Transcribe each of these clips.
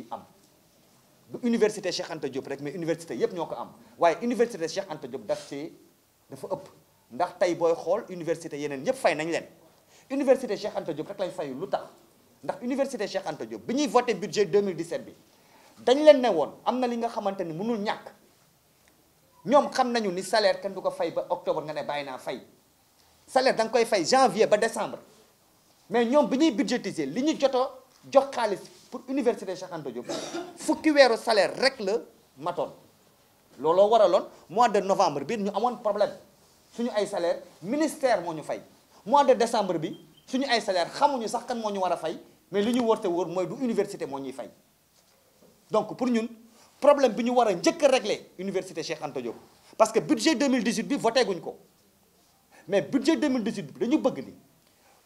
yi am du université Cheikh Anta Diop rek mais université yëpp ñoo ko am waaye université Cheikh Anta Diop daf ci dafa ëpp ndax tey booy xool université yeneen yëpp fay nañ leen université Cheikh Anta Diop rek lañ fayu lu tax ndax université Cheikh Anta Diop bi ñuy voté budget 2017 bi dañ leen ne woon am na li nga xamante ni mënul ñàkk ñoom xam nañu ni salaire kenn du ko fay ba octobre nga ne bàyyi naa fay salaire danga koy fay janvier ba décembre jox pour université Cheikh Anta Diop fukki un salaire rek maton. Lolo looloo waraloon mois de novembre bi ñu un problème Si nous avons un salaire le ministère a fait. fay mois de décembre bi avons un salaire xamuñu sax kan mo ñu wara mais li ñu wóor te moy du université mo ñuy fay donc pour ñun problème bi ñu wara jëk njëkk université Cheikh Anta Diop parce que budget 2018 bi voté guñ ko mais budget 2018 nous dañu bëgg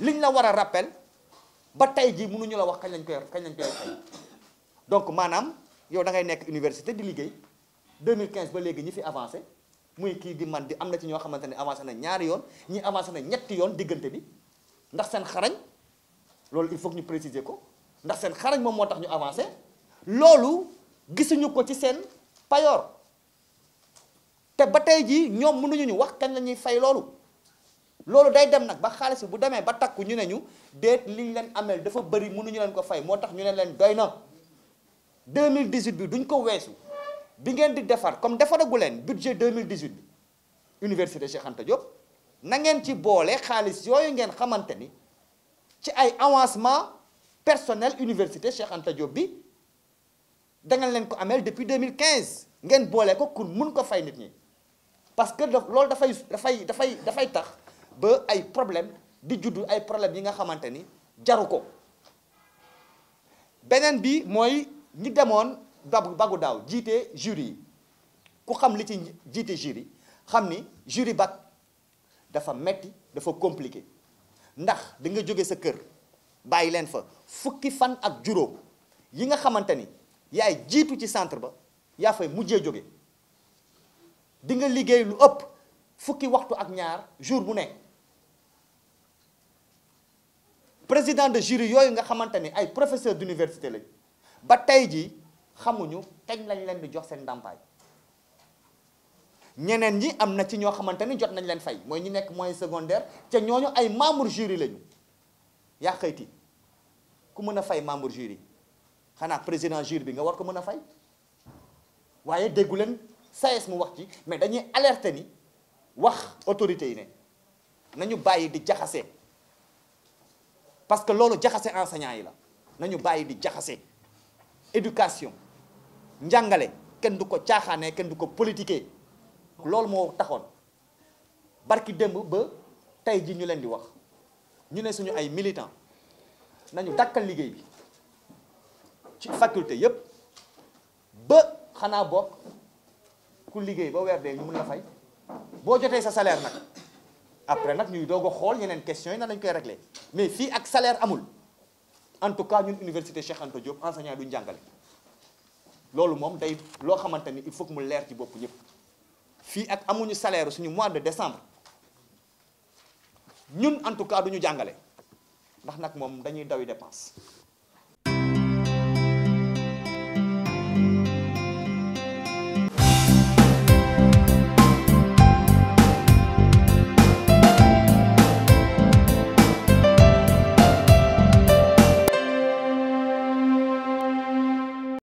liñ la wara rappel ba tay ji mënu ñu la wax kañ lañ koy kañ lañ koy fay donc manam yow da ngay nek université di liggéey 2015 ba légui ñi fi avancé muy ki di man di amna ci ño xamanteni ne avancé na ñaar yoon ñi avancé na ñett yoon digënté bi ndax seen xarañ lool il faut que ñu préciser ko ndax seen xarañ moom motax ñu avancé loolu gisunu ko ci seen payor te ba tay ji ñom mënu ñu wax kañ lañuy fay loolu lolu day dem nak ba xaalis bu demee ba takku ñu neñu deet liñ leen amel dafa mënu ñu leen ko fay motax ñu ne leen doyna 2018 bi duñ ko wessu bi ngeen di defar comme defaragu leen budget 2018 bi université Cheikh Anta Diop na ngeen ci bolé xaliss yoyu ngeen xamanteni ci ay avancement personnel université Cheikh Anta Diop bi da ngeen leen ko amel depuis 2015 ngeen bolé ko pour mun ko fay nit ñi parce que fay da fay da fay tax ba ay problème di judd ay problème yi nga xamanteni jaruko. benen bi moy ñi demone dab bagu daw jité jury ku xam li ci jité jury xam ni jury bak dafa metti dafa compliqué ndax da nga joggé sa kër bayi len fa fukki fan ak juro yi nga xamanteni yaay jitu ci centre ba ya fay mujjé joggé di nga liggéey lu upp fukki waxtu ak ñaar jour bu nek président de jury yoy nga xamante ay professeur d'université lañ ba tay ji xamuñu kañ lañ leen di jox sen ndàmpaay ñeneen ñi amna ci ño xamante jot nañ leen fay moy ñi nek moy secondaire te ñoñu ay membre jury lañ ya xeyti ku mëna fay membre jury xana président jury bi nga war ko mëna fay waaye déggulen leen mu wax ci mais dañuy alerter ni wax autorité yi ne nañu bàyyi di jaxase parce que loolu jaxase enseignant yi la nañu bàyyi di jaxase éducation njàngale kenn du ko caaxaanee kenn du ko politiquer loolu moo taxoon barki démb ba tey ji ñu leen di wax ñu ne suñu ay militants nañu dàkkal liggéey bi ci faculté yépp ba xanaa bokk ku liggéey ba weer dee ñu fay bo jotee sa salaire nak après nak ñuy dogo xol ñeneen question yi nañ koy régler mais fi ak salaire amul en tout cas ñun université Cheikh Anta Diop enseignant duñ jangalé lolu mom day lo xamanteni il faut que mu lèr ci bop ñep fi ak amuñu salaire suñu mois de décembre ñun en tout cas duñu jangalé ndax nak mom dañuy dawi dépenses